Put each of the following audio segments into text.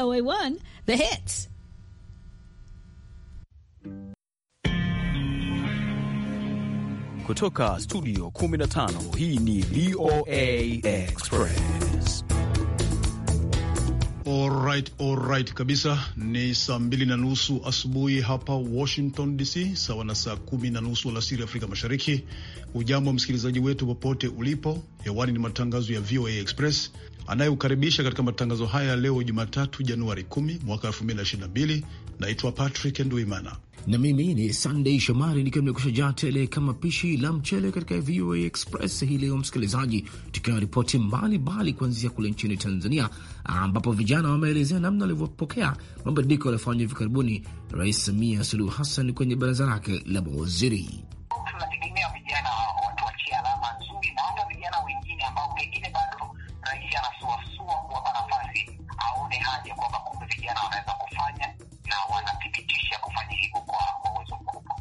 O A one the hits. Kutoka studio 15 hii ni VOA Express. Alright, alright kabisa. Ni saa mbili na nusu asubuhi hapa Washington DC, sawa na saa kumi na nusu alasiri Afrika Mashariki. Ujambo msikilizaji wetu popote ulipo, hewani ni matangazo ya VOA Express anayeukaribisha katika matangazo haya leo Jumatatu Januari 10 mwaka 2022. Naitwa Patrick Nduimana na mimi ni Sunday Shomari nikiwa nimekusha jaa tele kama pishi la mchele katika VOA Express hii leo, msikilizaji, tukiwa ripoti mbalimbali kuanzia kule nchini Tanzania, ambapo vijana wameelezea namna walivyopokea mabadiliko yaliyofanywa hivi karibuni Rais Samia Suluhu Hassan kwenye baraza lake la mawaziri.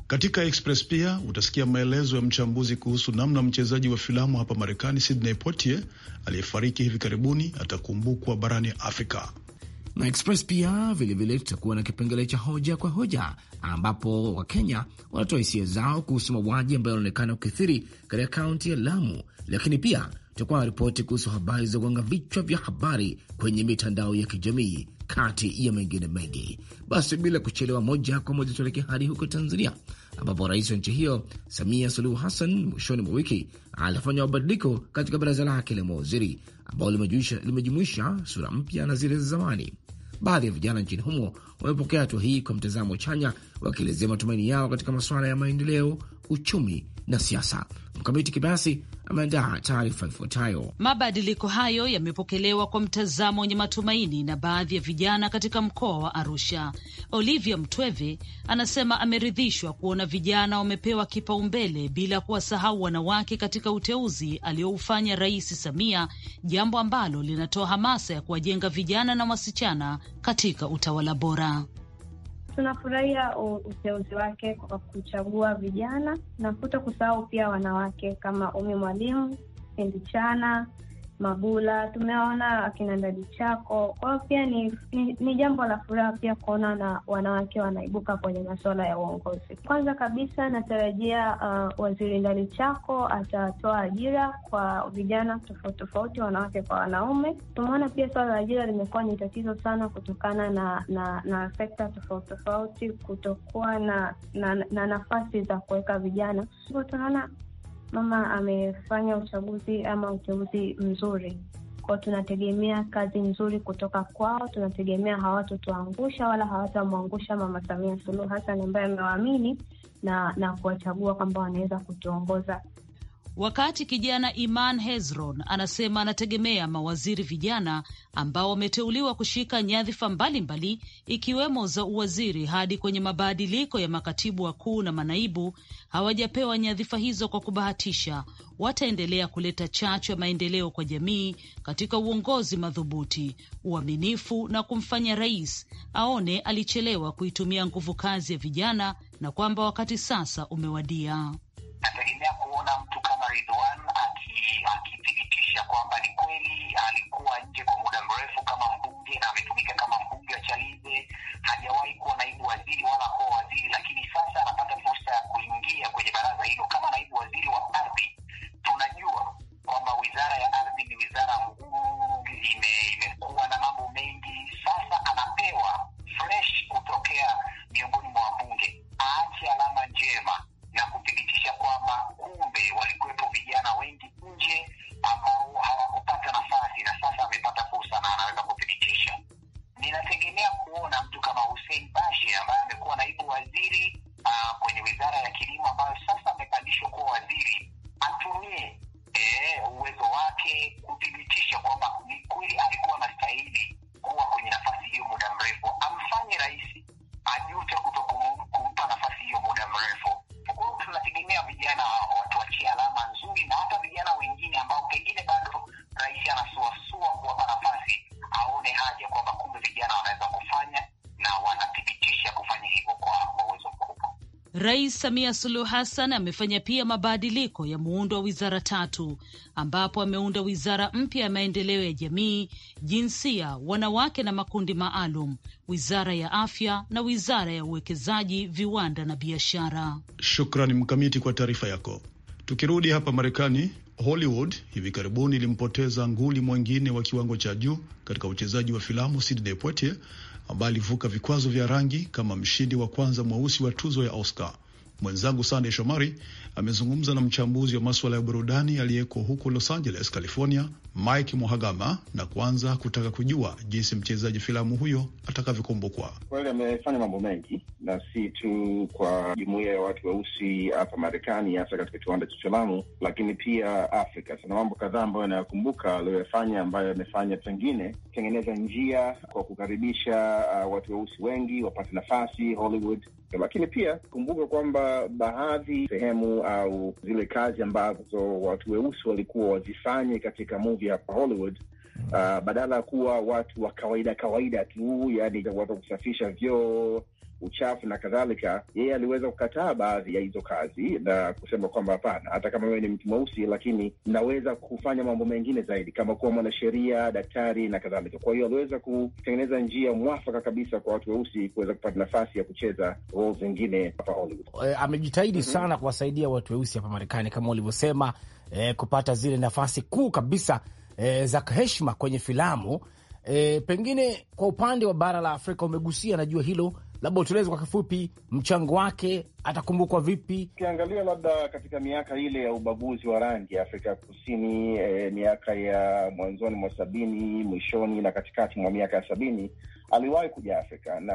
Katika Express pia utasikia maelezo ya mchambuzi kuhusu namna mchezaji wa filamu hapa Marekani Sidney Poitier aliyefariki hivi karibuni atakumbukwa barani Afrika na Express pia vilevile tutakuwa na kipengele cha hoja kwa hoja, ambapo Wakenya wanatoa hisia zao kuhusu mauaji ambayo yanaonekana ukithiri katika kaunti ya Lamu, lakini pia tutakuwa na ripoti kuhusu habari za kugonga vichwa vya habari kwenye mitandao ya kijamii kati ya mengine mengi. Basi bila kuchelewa, moja kwa moja tuelekea hadi huko Tanzania, ambapo rais wa nchi hiyo Samia Suluhu Hassan mwishoni mwa wiki alifanya mabadiliko katika baraza lake la mawaziri ambao limejumuisha sura mpya na zile za zamani. Baadhi ya vijana nchini humo wamepokea hatua hii kwa mtazamo chanya, wakielezea matumaini yao katika masuala ya maendeleo, uchumi na siasa. Mkamiti Kibayasi ameandaa taarifa ifuatayo. Mabadiliko hayo yamepokelewa kwa mtazamo wenye matumaini na baadhi ya vijana katika mkoa wa Arusha. Olivia Mtweve anasema ameridhishwa kuona vijana wamepewa kipaumbele bila kuwasahau wanawake katika uteuzi aliyoufanya Rais Samia, jambo ambalo linatoa hamasa ya kuwajenga vijana na wasichana katika utawala bora tunafurahia uteuzi wake kwa kuchagua vijana na kuto kusahau pia wanawake kama Umi Mwalimu, Pendichana Mabula, tumewaona akina Ndadi Chako. Kwa hiyo pia ni, ni, ni jambo la furaha pia kuona na wanawake wanaibuka kwenye masuala ya uongozi. Kwanza kabisa natarajia uh, waziri Ndadi Chako atatoa ajira kwa vijana tofauti tofauti, wanawake kwa wanaume. Tumeona pia suala la ajira limekuwa ni tatizo sana kutokana na na, na sekta tofauti tofauti kutokuwa na, na, na nafasi za kuweka vijana, hivyo tunaona mama amefanya uchaguzi ama uteuzi mzuri kwao. Tunategemea kazi nzuri kutoka kwao, tunategemea hawatotuangusha wala hawatamwangusha Mama Samia Suluhu Hassan ambaye amewaamini na na kuwachagua kwamba wanaweza kutuongoza wakati kijana Iman Hezron anasema anategemea mawaziri vijana ambao wameteuliwa kushika nyadhifa mbalimbali ikiwemo za uwaziri hadi kwenye mabadiliko ya makatibu wakuu na manaibu hawajapewa nyadhifa hizo kwa kubahatisha. Wataendelea kuleta chachu ya maendeleo kwa jamii katika uongozi madhubuti, uaminifu na kumfanya rais aone alichelewa kuitumia nguvu kazi ya vijana na kwamba wakati sasa umewadia. Nategemea kuona mtu Ridwan akithibitisha kwamba ni kweli alikuwa nje kwa muda mrefu kama mbunge na Rais Samia Suluhu Hassan amefanya pia mabadiliko ya muundo wa wizara tatu ambapo ameunda wizara mpya ya maendeleo ya jamii, jinsia, wanawake na makundi maalum, wizara ya afya na wizara ya uwekezaji, viwanda na biashara. Shukrani Mkamiti kwa taarifa yako. Tukirudi hapa Marekani, Hollywood hivi karibuni ilimpoteza nguli mwengine wa kiwango cha juu katika uchezaji wa filamu Sidney Poitier ambaye alivuka vikwazo vya rangi kama mshindi wa kwanza mweusi wa tuzo ya Oscar. Mwenzangu Sande Shomari amezungumza na mchambuzi wa maswala ya burudani aliyeko huko Los Angeles, California, Mike muhagama na kuanza kutaka kujua jinsi mchezaji filamu huyo atakavyokumbukwa. Kweli amefanya mambo mengi, na si tu kwa jumuiya ya watu weusi hapa Marekani, hasa katika kiwanda cha filamu, lakini pia Afrika. Kuna mambo kadhaa ambayo anayakumbuka aliyoyafanya, ambayo yamefanya pengine kutengeneza njia kwa kukaribisha uh, watu weusi wengi wapate nafasi Hollywood lakini pia kumbuka kwamba baadhi sehemu au zile kazi ambazo watu weusi walikuwa wazifanye katika movie hapa Hollywood mm. uh, badala ya kuwa watu wa kawaida kawaida tu, yani watu wa kusafisha vyoo uchafu na kadhalika, yeye aliweza kukataa baadhi ya hizo kazi na kusema kwamba hapana, hata kama wewe ni mtu mweusi, lakini naweza kufanya mambo mengine zaidi kama kuwa mwanasheria, daktari na kadhalika. Kwa hiyo aliweza kutengeneza njia mwafaka kabisa kwa watu weusi kuweza kupata nafasi ya kucheza role zingine hapa Hollywood. E, amejitahidi mm -hmm. sana kuwasaidia watu weusi hapa Marekani kama ulivyosema, e, kupata zile nafasi kuu kabisa e, za heshima kwenye filamu. E, pengine kwa upande wa bara la Afrika umegusia, najua hilo labda utueleze kwa kifupi mchango wake, atakumbukwa vipi? Ukiangalia labda katika miaka ile ya ubaguzi wa rangi ya Afrika Kusini, e, miaka ya mwanzoni mwa sabini, mwishoni na katikati mwa miaka ya sabini aliwahi kuja Afrika, na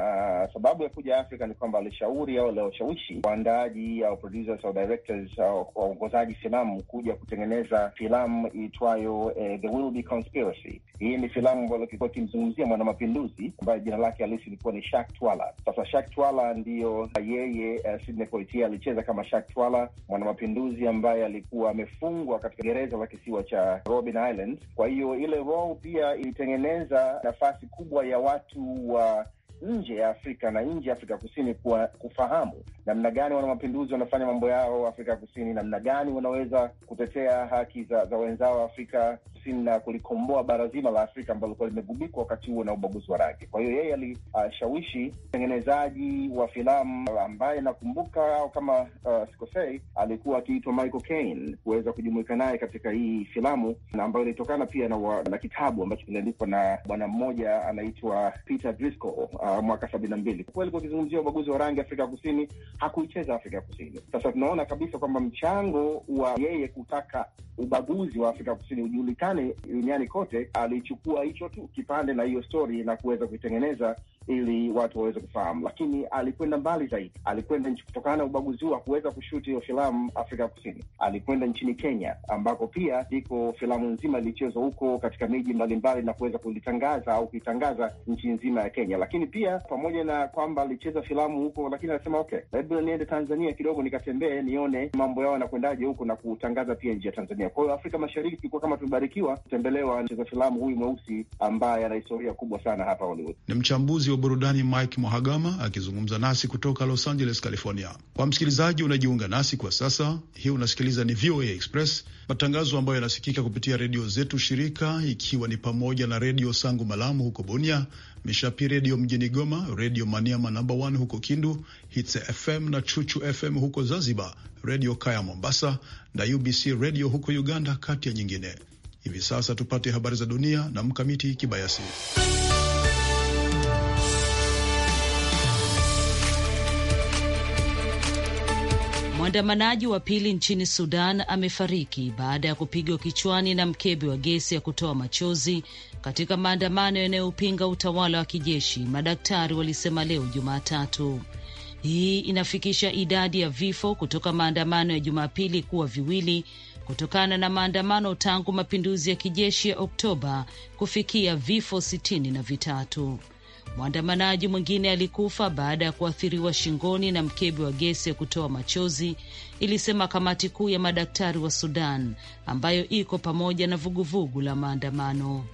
sababu ya kuja Afrika ni kwamba alishauri au aliwashawishi waandaaji au producers au directors au waongozaji filamu kuja kutengeneza filamu iitwayo eh, The Will Be Conspiracy. Hii ni filamu ambayo ilikuwa ikimzungumzia mwanamapinduzi ambaye jina lake halisi ilikuwa ni Shak Twala. Sasa Shak Twala ndiyo yeye, uh, eh, Sydney Poitier alicheza kama Shak Twala, mwanamapinduzi ambaye alikuwa amefungwa katika gereza la kisiwa cha Robben Island. Kwa hiyo ile role pia ilitengeneza nafasi kubwa ya watu watu wa nje ya Afrika na nje ya Afrika Kusini kuwa, kufahamu namna gani wana mapinduzi wanafanya mambo yao Afrika Kusini, namna gani wanaweza kutetea haki za, za wenzao wa Afrika Kusini na kulikomboa bara zima la Afrika ambalo lilikuwa limegubikwa wakati huo na ubaguzi wa rangi. Kwa hiyo yeye alishawishi uh, mtengenezaji wa filamu ambaye nakumbuka kama uh, sikosei, alikuwa akiitwa Michael Caine kuweza kujumuika naye katika hii filamu ambayo ilitokana pia na, wa, na kitabu ambacho kiliandikwa na bwana mmoja anaitwa Peter Driscoll uh, mwaka sabini na mbili. Kweli kwa kizungumzia ubaguzi wa rangi Afrika ya Kusini, hakuicheza Afrika Kusini. Sasa tunaona kabisa kwamba mchango wa yeye kutaka ubaguzi wa Afrika Kusini ujulikane nane duniani kote alichukua hicho tu kipande na hiyo stori na kuweza kuitengeneza ili watu waweze kufahamu, lakini alikwenda mbali zaidi. Alikwenda nchi kutokana na ubaguzi huu, hakuweza kushuti hiyo filamu Afrika Kusini. Alikwenda nchini Kenya, ambako pia iko filamu nzima ilichezwa huko katika miji mbalimbali na kuweza kulitangaza au kuitangaza nchi nzima ya Kenya. Lakini pia pamoja na kwamba alicheza filamu huko, lakini anasema okay, labda niende Tanzania kidogo nikatembee, nione mambo yao yanakwendaje huko na kutangaza pia nje ya Tanzania. Kwa hiyo Afrika Mashariki tulikuwa kama tumebarikiwa kutembelewa mcheza filamu huyu mweusi ambaye ana historia kubwa sana hapa Hollywood. Ni mchambuzi wa burudani Mike Mohagama akizungumza nasi kutoka Los Angeles, California. Kwa msikilizaji unajiunga nasi kwa sasa, hii unasikiliza ni VOA Express, matangazo ambayo yanasikika kupitia redio zetu shirika, ikiwa ni pamoja na Redio Sangu Malamu huko Bunia, Mishapi Redio mjini Goma, Redio Maniama namba 1 huko Kindu, Hits FM na Chuchu FM huko Zanzibar, Redio Kaya Mombasa na UBC Redio huko Uganda, kati ya nyingine. Hivi sasa tupate habari za dunia na Mkamiti Kibayasi. Mwandamanaji wa pili nchini Sudan amefariki baada ya kupigwa kichwani na mkebe wa gesi ya kutoa machozi katika maandamano yanayopinga utawala wa kijeshi, madaktari walisema leo Jumatatu. Hii inafikisha idadi ya vifo kutoka maandamano ya Jumapili kuwa viwili kutokana na maandamano tangu mapinduzi ya kijeshi ya Oktoba kufikia vifo sitini na vitatu. Mwandamanaji mwingine alikufa baada ya kuathiriwa shingoni na mkebe wa gesi ya kutoa machozi, ilisema kamati kuu ya madaktari wa Sudan ambayo iko pamoja na vuguvugu la maandamano.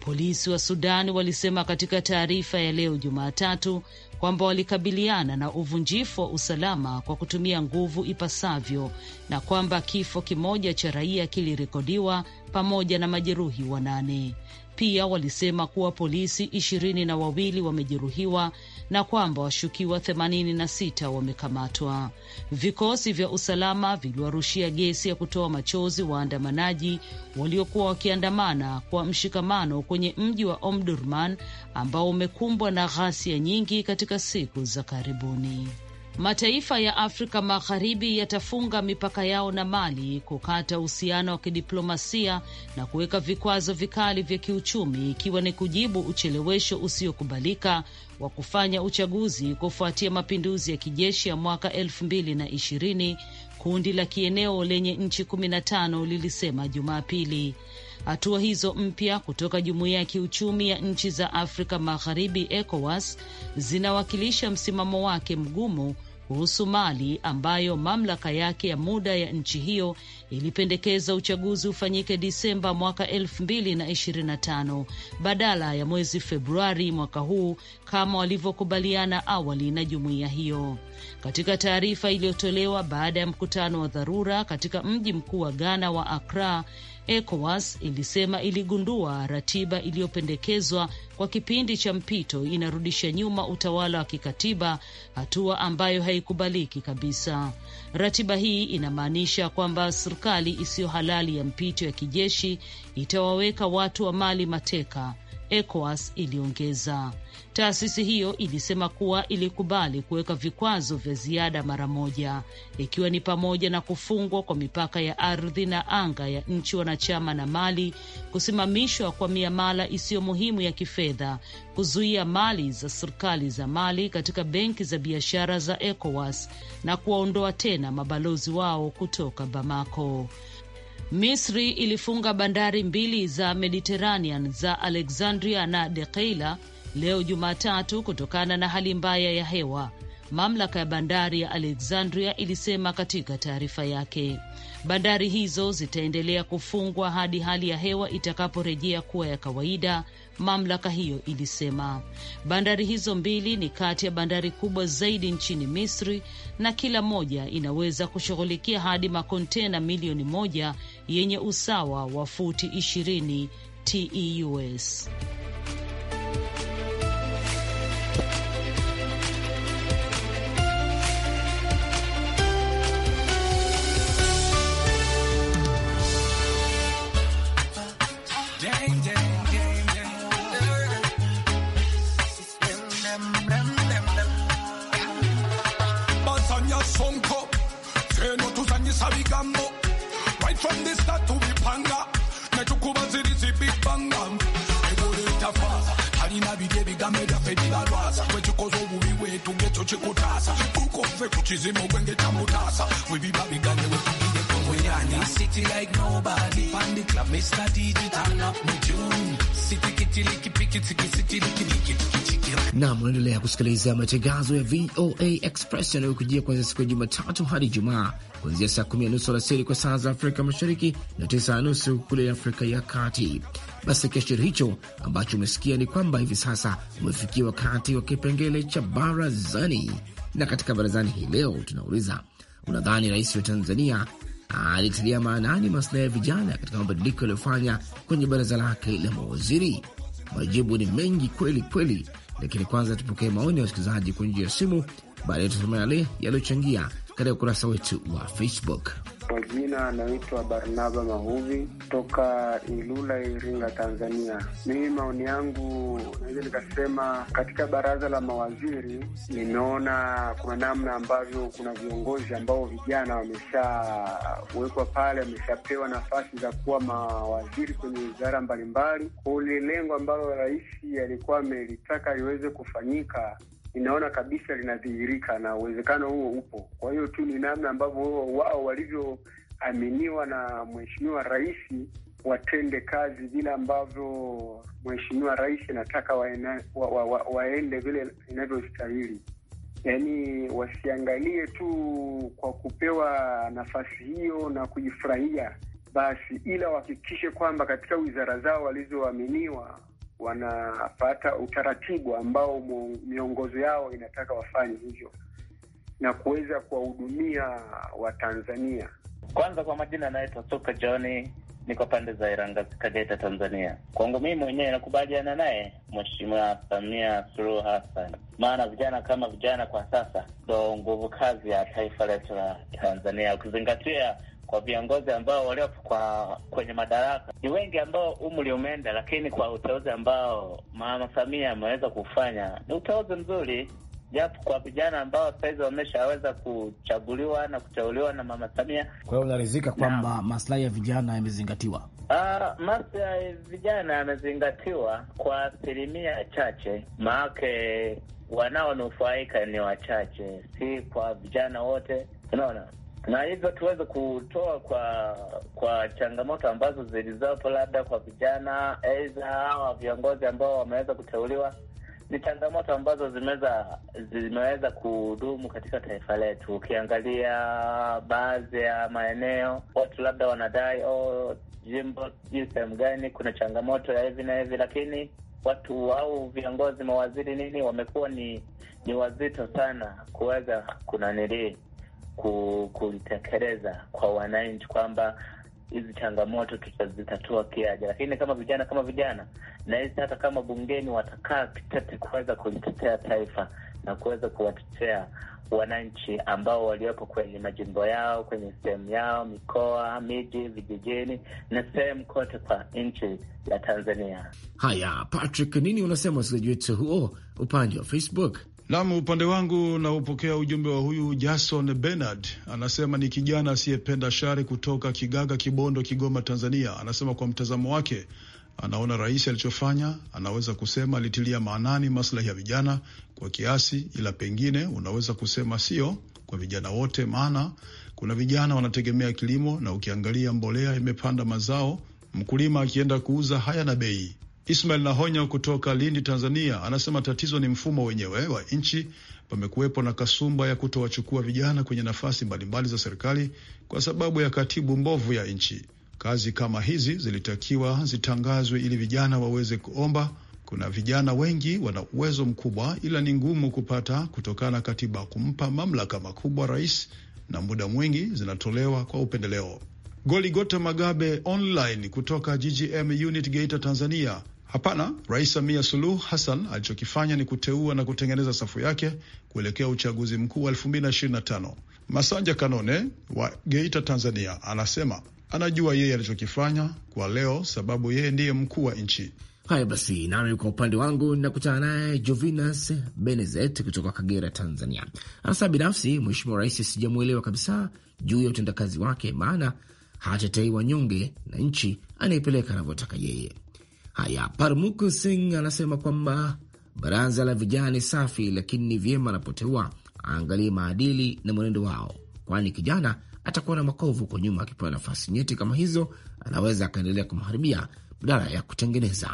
Polisi wa Sudan walisema katika taarifa ya leo Jumatatu kwamba walikabiliana na uvunjifu wa usalama kwa kutumia nguvu ipasavyo na kwamba kifo kimoja cha raia kilirekodiwa pamoja na majeruhi wanane. Pia walisema kuwa polisi ishirini na wawili wamejeruhiwa na kwamba washukiwa 86 wamekamatwa. Vikosi vya usalama viliwarushia gesi ya kutoa machozi waandamanaji waliokuwa wakiandamana kwa mshikamano kwenye mji wa Omdurman ambao umekumbwa na ghasia nyingi katika siku za karibuni. Mataifa ya Afrika Magharibi yatafunga mipaka yao na Mali, kukata uhusiano wa kidiplomasia na kuweka vikwazo vikali vya kiuchumi, ikiwa ni kujibu uchelewesho usiokubalika wa kufanya uchaguzi kufuatia mapinduzi ya kijeshi ya mwaka elfu mbili na ishirini, kundi la kieneo lenye nchi kumi na tano lilisema Jumapili. Hatua hizo mpya kutoka jumuiya ya kiuchumi ya nchi za Afrika Magharibi, ECOWAS, zinawakilisha msimamo wake mgumu kuhusu Mali ambayo mamlaka yake ya muda ya nchi hiyo ilipendekeza uchaguzi ufanyike Disemba mwaka 225 badala ya mwezi Februari mwaka huu kama walivyokubaliana awali na jumuiya hiyo. Katika taarifa iliyotolewa baada ya mkutano wa dharura katika mji mkuu wa Ghana wa Accra, ECOWAS ilisema iligundua ratiba iliyopendekezwa kwa kipindi cha mpito inarudisha nyuma utawala wa kikatiba, hatua ambayo haikubaliki kabisa. Ratiba hii inamaanisha kwamba serikali isiyo halali ya mpito ya kijeshi itawaweka watu wa Mali mateka ECOWAS iliongeza. Taasisi hiyo ilisema kuwa ilikubali kuweka vikwazo vya ziada mara moja, ikiwa ni pamoja na kufungwa kwa mipaka ya ardhi na anga ya nchi wanachama na Mali, kusimamishwa kwa miamala isiyo muhimu ya kifedha, kuzuia mali za serikali za Mali katika benki za biashara za ECOWAS na kuwaondoa tena mabalozi wao kutoka Bamako. Misri ilifunga bandari mbili za Mediterranean za Alexandria na Dekeila leo Jumatatu kutokana na hali mbaya ya hewa. Mamlaka ya bandari ya Alexandria ilisema katika taarifa yake, bandari hizo zitaendelea kufungwa hadi hali ya hewa itakaporejea kuwa ya kawaida. Mamlaka hiyo ilisema bandari hizo mbili ni kati ya bandari kubwa zaidi nchini Misri na kila moja inaweza kushughulikia hadi makontena milioni moja yenye usawa wa futi 20 TEUs. chini tugecho chikutasa ukomve kuchizima ubwenge tamutasa wivibabiganewe Danny. City like nobody. Pandy club, Mr. DJ, turn up my tune. City kitty, licky, picky, ticky city, licky, licky, ticky tiki. Naam, unaendelea kusikiliza matangazo ya VOA Express yanayokujia kuanzia siku ya Jumatatu hadi Ijumaa kuanzia saa kumi na nusu alasiri kwa saa za Afrika Mashariki na tisa na nusu kule Afrika ya Kati. Basi kiashiri hicho ambacho umesikia ni kwamba hivi sasa umefikia wakati wa kipengele cha barazani, na katika barazani hii leo tunauliza, unadhani rais wa Tanzania alitilia maanani maslahi ya vijana katika mabadiliko yaliyofanya kwenye baraza lake la mawaziri? Majibu ni mengi kweli kweli, lakini kwanza tupokee maoni ya wasikilizaji kwa njia ya simu, baadaye tutasoma yale yaliyochangia katika ukurasa wetu wa Facebook. Kwa jina anaitwa Barnaba Mahuvi toka Ilula, Iringa, Tanzania. Mimi maoni yangu naweza nikasema katika baraza la mawaziri nimeona kuna namna ambavyo kuna viongozi ambao vijana wameshawekwa pale, wameshapewa nafasi za kuwa mawaziri kwenye wizara mbalimbali. Kule lengo ambalo rais alikuwa amelitaka liweze kufanyika ninaona kabisa linadhihirika na uwezekano huo upo. Kwa hiyo tu ni namna ambavyo wao walivyoaminiwa na mheshimiwa rais watende kazi vile ambavyo mheshimiwa rais anataka waena, wa, wa, wa, waende vile inavyostahili. Yaani wasiangalie tu kwa kupewa nafasi hiyo na kujifurahia basi, ila wahakikishe kwamba katika wizara zao walizoaminiwa wanapata utaratibu ambao miongozo yao inataka wafanye hivyo na kuweza kuwahudumia Watanzania. Kwanza, kwa majina anaitwa Soka Johni, ni kwa pande za Iranga, Kageta, Tanzania. Kwangu mimi mwenyewe nakubaliana naye Mheshimiwa Samia Suluhu Hassan, maana vijana kama vijana kwa sasa ndo nguvu kazi ya taifa letu la Tanzania, ukizingatia kwa viongozi ambao waliopo kwa kwenye madaraka ni wengi ambao umri umeenda, lakini kwa uteuzi ambao Mama Samia ameweza kufanya ni uteuzi mzuri japo kwa vijana ambao sahizi wameshaweza kuchaguliwa na kuteuliwa na Mama Samia. Kwa hiyo unaridhika kwamba maslahi ya vijana yamezingatiwa? Ah, maslahi ya vijana yamezingatiwa kwa asilimia chache, maanake wanaonufaika ni wachache, si kwa vijana wote, unaona na hivyo tuweze kutoa kwa kwa changamoto ambazo zilizopo labda kwa vijana, aidha hawa viongozi ambao wameweza kuteuliwa ni changamoto ambazo zimeweza zimeweza kudumu katika taifa letu. Ukiangalia baadhi ya maeneo, watu labda wanadai oh, jimbo sijui sehemu gani kuna changamoto ya hivi na hivi, lakini watu au viongozi, mawaziri nini, wamekuwa ni ni wazito sana kuweza kunanilii kulitekeleza kwa wananchi kwamba hizi changamoto tutazitatua kiaja, lakini kama vijana kama vijana nahisi hata kama bungeni watakaa kitete kuweza kulitetea taifa na kuweza kuwatetea wananchi ambao waliopo kwenye majimbo yao, kwenye sehemu yao, mikoa, miji, vijijini na sehemu kote kwa nchi ya Tanzania. Haya, Patrick, nini unasema wasikilizaji wetu huo upande wa Facebook? Nam, upande wangu naupokea ujumbe wa huyu Jason Bernard, anasema ni kijana asiyependa shari kutoka Kigaga, Kibondo, Kigoma, Tanzania. Anasema kwa mtazamo wake anaona rais alichofanya, anaweza kusema alitilia maanani maslahi ya vijana kwa kiasi, ila pengine unaweza kusema sio kwa vijana wote, maana kuna vijana wanategemea kilimo, na ukiangalia mbolea imepanda mazao, mkulima akienda kuuza haya na bei. Ismail Nahonya kutoka Lindi, Tanzania, anasema tatizo ni mfumo wenyewe wa nchi. Pamekuwepo na kasumba ya kutowachukua vijana kwenye nafasi mbalimbali za serikali kwa sababu ya katibu mbovu ya nchi. Kazi kama hizi zilitakiwa zitangazwe ili vijana waweze kuomba. Kuna vijana wengi wana uwezo mkubwa, ila ni ngumu kupata kutokana na katiba kumpa mamlaka makubwa rais, na muda mwingi zinatolewa kwa upendeleo. Goligota Magabe online kutoka GGM unit Geita, Tanzania Hapana, Rais Samia Suluhu Hassan alichokifanya ni kuteua na kutengeneza safu yake kuelekea uchaguzi mkuu wa 2025. Masanja Kanone wa Geita, Tanzania, anasema anajua yeye alichokifanya kwa leo, sababu yeye ndiye mkuu wa nchi. Haya basi, nami kwa upande wangu nakutana naye Jovinas Benezet kutoka Kagera, Tanzania. Anasema binafsi, Mheshimiwa Rais sijamwelewa kabisa juu ya utendakazi wake, maana hatetei wanyonge na nchi anaipeleka anavyotaka yeye. Haya, Parmuk Singh anasema kwamba baraza la vijana ni safi, lakini ni vyema anapoteua aangalie maadili na mwenendo wao, kwani kijana atakuwa na makovu kwa nyuma. Akipewa nafasi nyeti kama hizo, anaweza akaendelea kumharibia badala ya kutengeneza.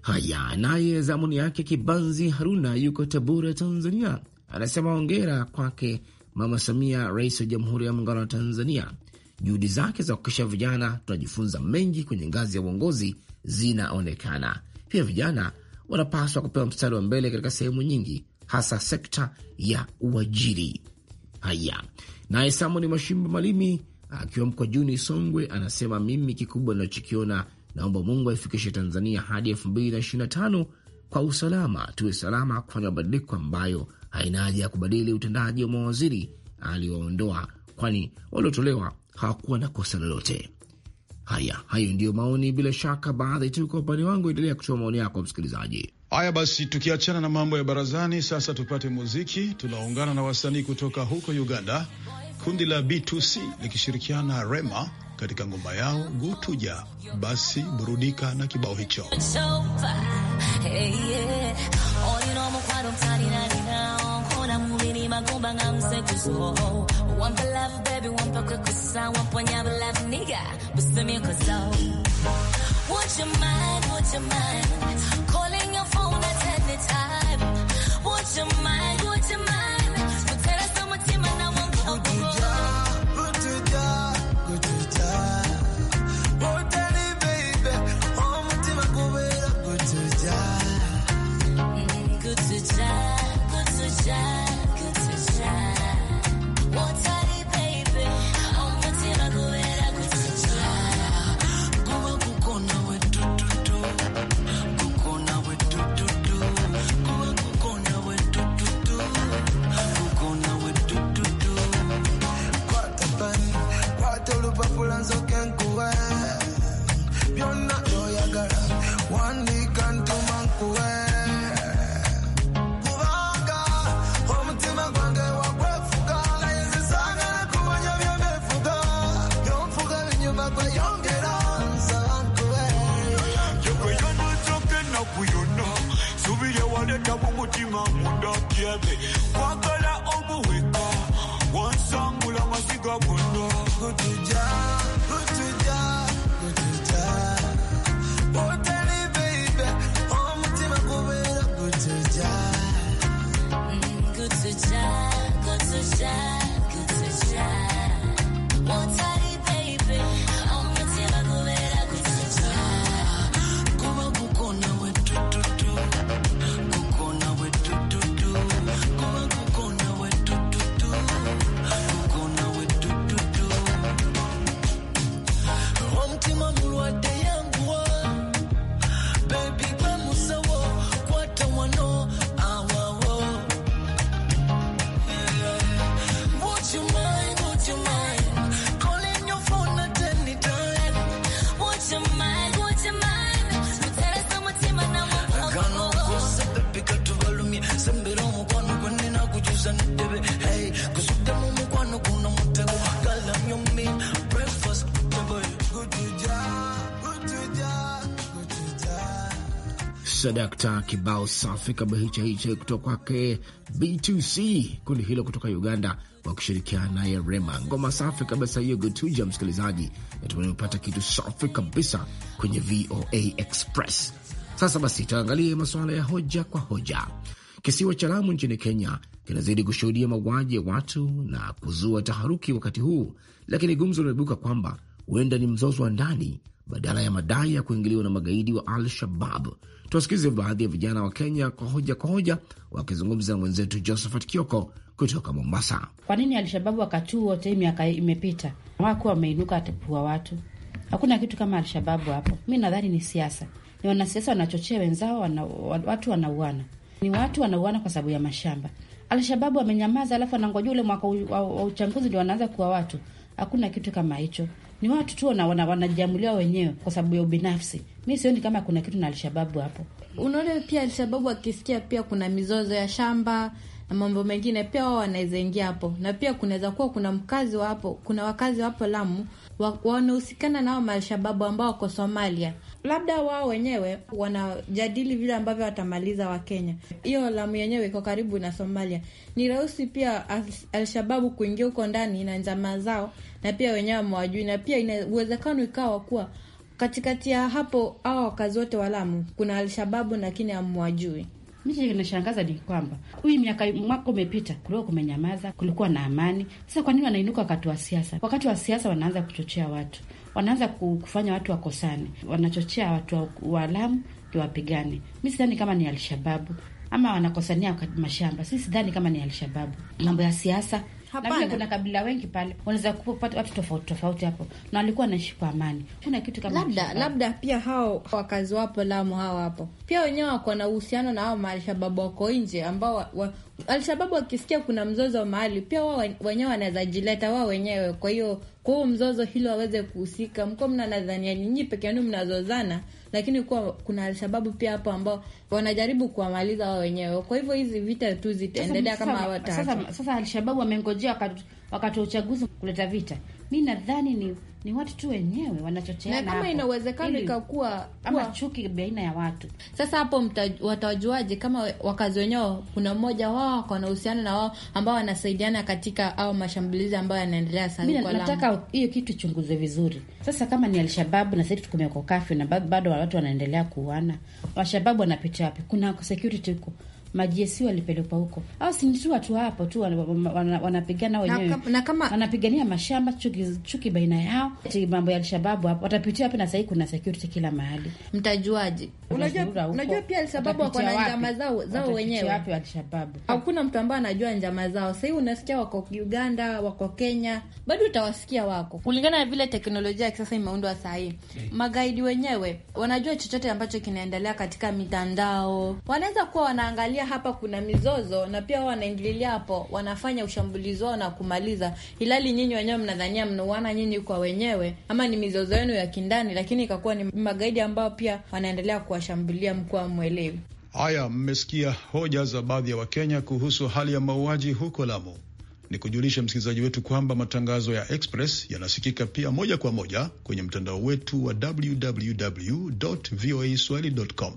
Haya, naye zamuni yake Kibanzi Haruna yuko Tabora, Tanzania, anasema hongera kwake Mama Samia, rais wa Jamhuri ya Muungano wa Tanzania. Juhudi zake za kukisha vijana tunajifunza mengi kwenye ngazi ya uongozi zinaonekana. Pia vijana wanapaswa kupewa mstari wa mbele katika sehemu nyingi, hasa sekta ya uajiri. Haya, naye Samoni Mashimba Malimi akiwa mkwa juni Songwe, anasema mimi kikubwa ninachokiona naomba Mungu aifikishe Tanzania hadi elfu mbili na ishirini na tano kwa usalama, tuwe salama kufanya mabadiliko ambayo haina haja ya kubadili utendaji wa mawaziri alioondoa, kwani waliotolewa hawakuwa na kosa lolote. Haya, hayo ndiyo maoni, bila shaka baadhi tu. Kwa upande wangu, endelea kutoa maoni yako msikilizaji. Haya basi, tukiachana na mambo ya barazani, sasa tupate muziki. Tunaungana na wasanii kutoka huko Uganda, kundi la B2C likishirikiana na Rema katika ngoma yao Gutuja. Basi burudika na kibao hicho. mwili magumba nga msekuso One oh, oh. for love baby, one for kukusa One for the love nigga, busumi kuso Would you mind, would you mind Calling your phone at any time Would you mind Sadakta kibao safi kama hicha hicha kutoka kwake B2C, kundi hilo kutoka Uganda wakishirikiana naye Rema. Ngoma safi kabisa hiyo, Gotuja. Msikilizaji, natumani upata kitu safi kabisa kwenye VOA Express. Sasa basi, tuangalie masuala ya hoja kwa hoja. Kisiwa cha Lamu nchini Kenya kinazidi kushuhudia mauaji ya watu na kuzua taharuki wakati huu, lakini gumzo limeibuka kwamba huenda ni mzozo wa ndani badala ya madai ya kuingiliwa na magaidi wa Al-Shabab. Tuwasikize baadhi ya vijana wa Kenya kwa hoja kwa hoja wakizungumza na mwenzetu Josephat Kioko kutoka Mombasa. Kwa nini Alshababu wakati huu wote miaka imepita wako wameinuka atapua watu? Hakuna kitu kama Alshababu hapo. Mi nadhani ni siasa, ni wanasiasa wanachochea wenzao, wana, watu wanauana ni watu wanauana kwa sababu ya mashamba. Alshababu wamenyamaza, alafu anangoja ule mwaka wa uchaguzi ndio wanaanza kuwa watu. Hakuna kitu kama hicho, ni watu tu wanajiamulia wenyewe kwa sababu ya ubinafsi. Mi sioni kama kuna kitu na alshababu hapo. Unaona, pia alshababu akisikia pia kuna mizozo ya shamba na mambo mengine, pia wao wanaweza ingia hapo, na pia kunaweza kuwa kuna mkazi wa hapo, kuna wakazi wa hapo Lamu wanahusikana nao maalshababu ambao wako Somalia labda wao wenyewe wanajadili vile ambavyo watamaliza Wakenya. Hiyo Lamu yenyewe iko karibu na Somalia, ni rahisi pia Alshababu kuingia huko ndani na njama zao, na pia wenyewe wamewajui, na pia ina uwezekano ikawa kuwa katikati ya hapo hawa wakazi wote wa Lamu kuna Alshababu lakini amwajui. Mimi ni kwamba huyu miaka mwaka umepita, kulikuwa kumenyamaza, kulikuwa na amani. Sasa kwa nini wanainuka wakati wa siasa? Wakati wa siasa wanaanza kuchochea watu wanaanza kufanya watu wakosane, wanachochea watu waalamu wa ndio wapigane. Mi sidhani kama ni Alshababu ama wanakosania mashamba, si sidhani kama ni Alshababu. Mambo ya siasa na vile kuna kabila wengi pale, unaweza kupata watu tofauti tofauti hapo, na walikuwa wanaishi kwa amani. Kuna kitu kama labda labda, pia hao wakazi wapo Lamu, hao hapo pia wenyewe wako na uhusiano na hao maalshababu wako nje, ambao Alshababu wakisikia kuna mzozo mahali, pia wao wenyewe wanaweza jileta wao wenyewe. Kwa hiyo kwa huo mzozo, hilo waweze kuhusika. Mko mna nadhania nyinyi peke yenu mnazozana, lakini kuwa kuna Alshababu pia hapo ambao wanajaribu kuwamaliza wao wenyewe. Kwa hivyo hizi vita tu zitaendelea kama hawataacha. Sasa Alshababu wamengojea wakati wa uchaguzi kuleta vita mi nadhani ni ni watu tu wenyewe wanachocheana, na kama inawezekana ikakuwa ama chuki baina ya watu. Sasa hapo watawajuaje kama wakazi wenyewe, kuna mmoja wao wako na uhusiano na wao ambao wanasaidiana katika au mashambulizi ambayo yanaendelea sasa huko Lamu? Nataka hiyo kitu ichunguzwe vizuri. Sasa kama ni Alshababu na sasa tukumia na bado watu wanaendelea kuuana, Alshababu wanapitia wapi? Kuna security huko majesi walipelekwa huko, au si tu watu hapo tu wanapigana wenyewe, wanapigania mashamba, chuki, chuki baina yao, mambo ya Alshababu hapo watapitia wapi? Na sahii kuna security kila mahali, mtajuaje? Unajua pia Alshababu wako na njama zao, zao wenyewe. Wapi Alshababu? Hakuna mtu ambaye anajua njama zao. Sahii unasikia wako Uganda, wako Kenya, bado utawasikia wako, kulingana na vile teknolojia ya kisasa imeundwa sahii. Eh. Magaidi wenyewe wanajua chochote ambacho kinaendelea katika mitandao, wanaweza kuwa wanaangalia ukiangalia hapa kuna mizozo na pia wao wanaingililia hapo, wanafanya ushambulizi wao na kumaliza, ilali nyinyi wenyewe mnadhania mnauana nyinyi kwa wenyewe, ama ni mizozo yenu ya kindani, lakini ikakuwa ni magaidi ambao pia wanaendelea kuwashambulia mkoa mwelewi. Haya, mmesikia hoja za baadhi ya Wakenya kuhusu hali ya mauaji huko Lamu. Ni kujulisha msikilizaji wetu kwamba matangazo ya Express yanasikika pia moja kwa moja kwenye mtandao wetu wa www voa swahili com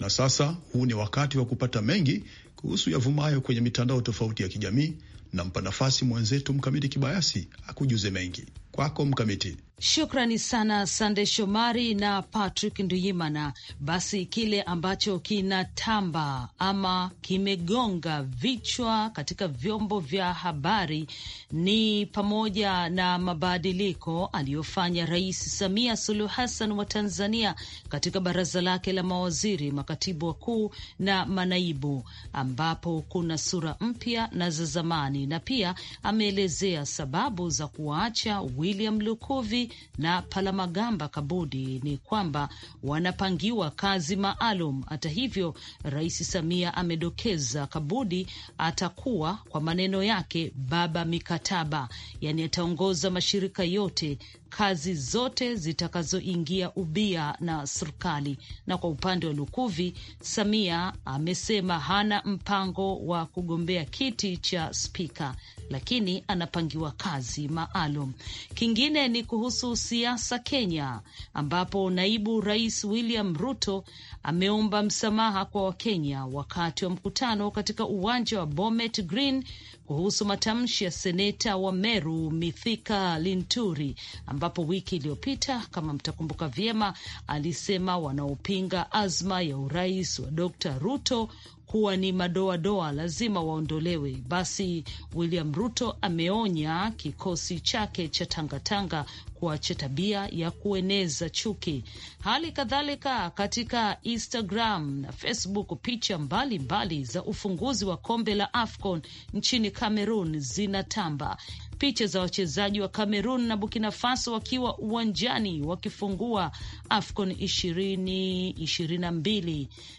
na sasa huu ni wakati wa kupata mengi kuhusu yavumayo kwenye mitandao tofauti ya kijamii. Nampa nafasi mwenzetu Mkamiti Kibayasi akujuze mengi. Kwako Mkamiti. Shukrani sana Sande Shomari na Patrick Nduyimana. Basi kile ambacho kinatamba ama kimegonga vichwa katika vyombo vya habari ni pamoja na mabadiliko aliyofanya Rais Samia Suluhu Hassan wa Tanzania katika baraza lake la mawaziri, makatibu wakuu na manaibu, ambapo kuna sura mpya na za zamani, na pia ameelezea sababu za kuwaacha William Lukuvi na Palamagamba Kabudi ni kwamba wanapangiwa kazi maalum. Hata hivyo, Rais Samia amedokeza Kabudi atakuwa kwa maneno yake baba mikataba, yaani ataongoza mashirika yote kazi zote zitakazoingia ubia na serikali. Na kwa upande wa Lukuvi, Samia amesema hana mpango wa kugombea kiti cha spika, lakini anapangiwa kazi maalum. Kingine ni kuhusu siasa Kenya, ambapo naibu rais William Ruto ameomba msamaha kwa Wakenya wakati wa mkutano katika uwanja wa Bomet Green kuhusu matamshi ya seneta wa Meru Mithika Linturi, ambapo wiki iliyopita, kama mtakumbuka vyema, alisema wanaopinga azma ya urais wa Dr. Ruto huwa ni madoadoa, lazima waondolewe. Basi William Ruto ameonya kikosi chake cha tangatanga kuacha tabia ya kueneza chuki. Hali kadhalika katika Instagram na Facebook, picha mbalimbali mbali za ufunguzi wa kombe la AFCON nchini Cameroon zinatamba picha za wachezaji wa cameron na Burkina Faso wakiwa uwanjani wakifungua AFCON ishirini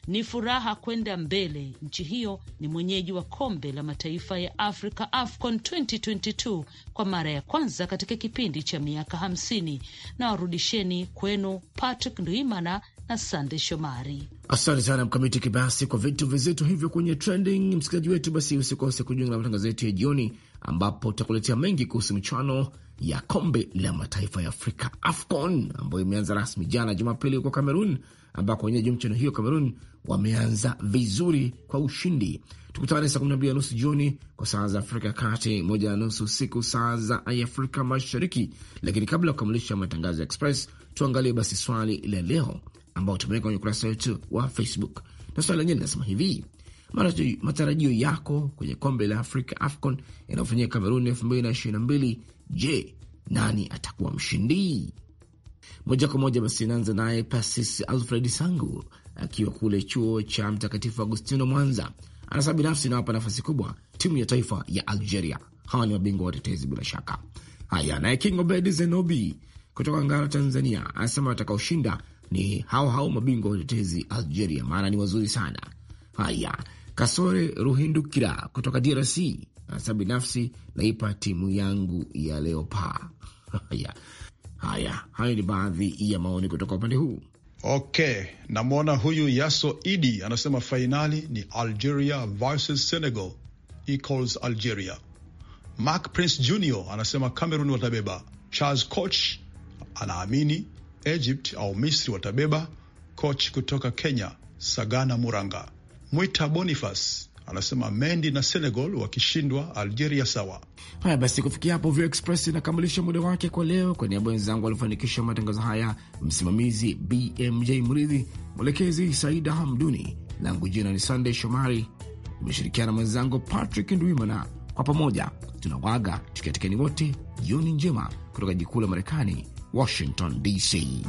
Ni furaha kwenda mbele. Nchi hiyo ni mwenyeji wa kombe la mataifa ya Afrika AFCON 2022 kwa mara ya kwanza katika kipindi cha miaka 50. Na warudisheni kwenu Patrick Nduimana na Sande Shomari. Asante sana Mkamiti Kibasi kwa vitu vizito hivyo kwenye trending. Msikilizaji wetu, basi usikose kujiunga na matangazo yetu ya jioni ambapo tutakuletea mengi kuhusu michuano ya kombe la mataifa ya Afrika, AFCON, ambayo imeanza rasmi jana Jumapili huko Cameroon, ambako wenyeji mchuano hiyo Cameroon wameanza vizuri kwa ushindi. Tukutane saa kumi na mbili na nusu jioni kwa saa za Afrika ya Kati, moja na nusu usiku saa za Afrika Mashariki. Lakini kabla ya kukamilisha matangazo ya Express, tuangalie basi swali la leo ambao tumeweka kwenye ukurasa wetu wa Facebook, na swali lenyewe linasema hivi: matarajio yako kwenye kombe la Afrika AFCON inayofanyika Kamerun elfu mbili na ishirini na mbili. Je, nani atakuwa mshindi? Moja kwa moja basi naanza naye Pasis Alfred Sangu akiwa kule chuo cha Mtakatifu Agustino Mwanza, anasema binafsi inawapa nafasi kubwa timu ya taifa ya Algeria. Hawa ni mabingwa watetezi bila shaka. Haya, naye King Obed Zenobi kutoka Ngara, Tanzania, anasema watakaoshinda ni hao hao mabingwa watetezi Algeria, maana ni wazuri sana. Haya, Kasore Ruhindukira kutoka DRC anasema binafsi naipa timu yangu ya Leopa. Haya, haya, hayo ni baadhi ya maoni kutoka upande huu. Okay, namwona huyu Yaso Idi anasema fainali ni Algeria versus Senegal equals Algeria. Mark Prince Jr anasema Cameroon watabeba. Charles Koch anaamini Egypt au Misri watabeba. Koch kutoka Kenya, Sagana Muranga Mwita Boniface anasema Mendi na Senegal wakishindwa Algeria sawa. Haya basi, kufikia hapo Vio Express inakamilisha muda wake kwa leo. Kwa niaba wenzangu waliofanikisha matangazo haya, msimamizi BMJ Mridhi, mwelekezi Saida Hamduni, langu jina ni Sandey Shomari, imeshirikiana mwenzangu Patrick Ndwimana. Kwa pamoja tunawaga tukiatikeni wote, jioni njema kutoka jikuu la Marekani, Washington DC.